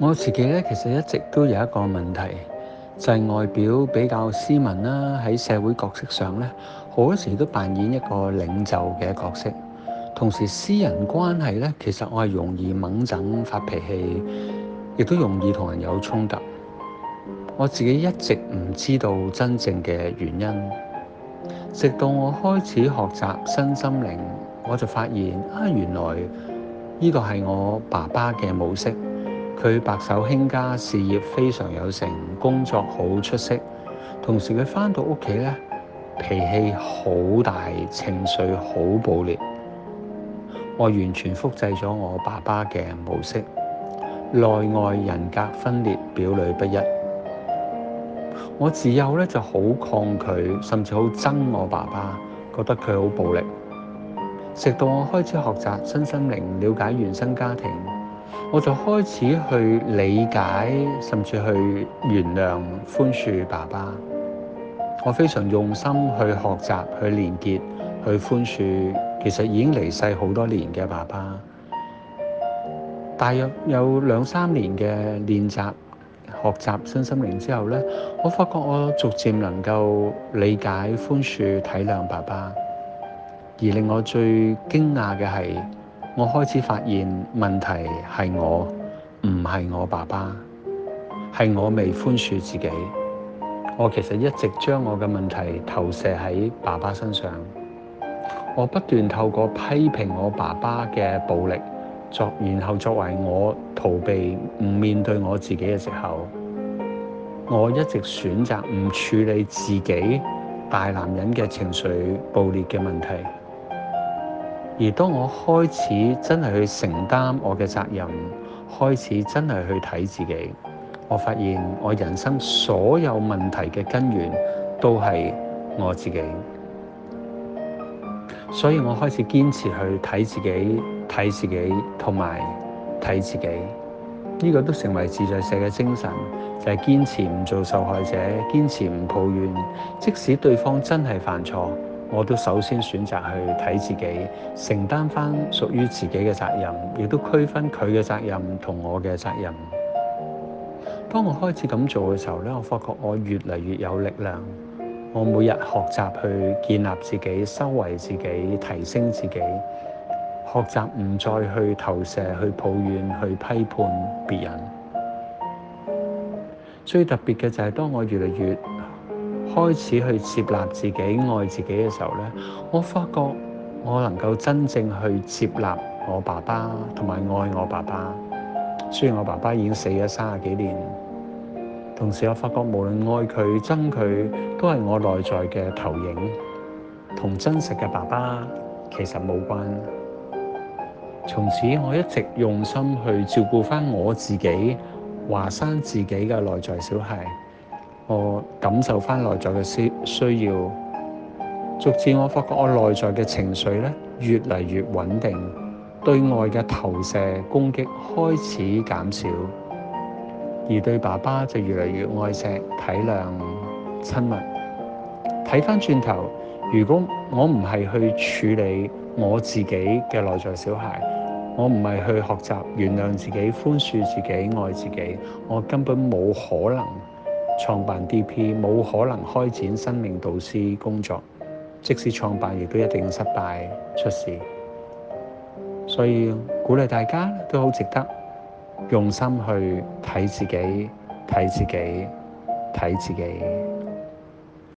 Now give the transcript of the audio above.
我自己咧，其實一直都有一個問題，就係、是、外表比較斯文啦，喺社會角色上咧，好多時都扮演一個領袖嘅角色。同時，私人關係咧，其實我係容易矇憎發脾氣，亦都容易同人有衝突。我自己一直唔知道真正嘅原因，直到我開始學習新心靈，我就發現啊，原來呢、這個係我爸爸嘅模式。佢白手興家，事業非常有成，工作好出色。同時，佢返到屋企咧，脾氣好大，情緒好暴烈。我完全複製咗我爸爸嘅模式，內外人格分裂，表裏不一。我自幼咧就好抗拒，甚至好憎我爸爸，覺得佢好暴力。直到我開始學習身心靈，了解原生家庭。我就開始去理解，甚至去原諒、寬恕爸爸。我非常用心去學習、去連結、去寬恕，其實已經離世好多年嘅爸爸。大約有兩三年嘅練習、學習身心靈之後咧，我發覺我逐漸能夠理解、寬恕、體諒爸爸。而令我最驚訝嘅係。我開始發現問題係我，唔係我爸爸，係我未寬恕自己。我其實一直將我嘅問題投射喺爸爸身上，我不斷透過批評我爸爸嘅暴力，作然後作為我逃避唔面對我自己嘅藉口。我一直選擇唔處理自己大男人嘅情緒暴裂嘅問題。而當我開始真係去承擔我嘅責任，開始真係去睇自己，我發現我人生所有問題嘅根源都係我自己，所以我開始堅持去睇自己，睇自己同埋睇自己，呢個都成為自在社嘅精神，就係堅持唔做受害者，堅持唔抱怨，即使對方真係犯錯。我都首先選擇去睇自己，承擔翻屬於自己嘅責任，亦都區分佢嘅責任同我嘅責任。當我開始咁做嘅時候咧，我發覺我越嚟越有力量。我每日學習去建立自己、修為自己、提升自己，學習唔再去投射、去抱怨、去批判別人。最特別嘅就係、是、當我越嚟越開始去接納自己、愛自己嘅時候呢，我發覺我能夠真正去接納我爸爸同埋愛我爸爸。雖然我爸爸已經死咗三十幾年，同時我發覺無論愛佢、憎佢，都係我內在嘅投影，同真實嘅爸爸其實冇關。從此我一直用心去照顧翻我自己，華山自己嘅內在小孩。我感受翻內在嘅需需要，逐漸我發覺我內在嘅情緒咧越嚟越穩定，對外嘅投射攻擊開始減少，而對爸爸就越嚟越愛惜、體諒、親密。睇翻轉頭，如果我唔係去處理我自己嘅內在小孩，我唔係去學習、原諒自己、寬恕自己、愛自己，我根本冇可能。創辦 DP 冇可能開展生命導師工作，即使創辦亦都一定失敗出事，所以鼓勵大家都好值得用心去睇自己，睇自己，睇自己。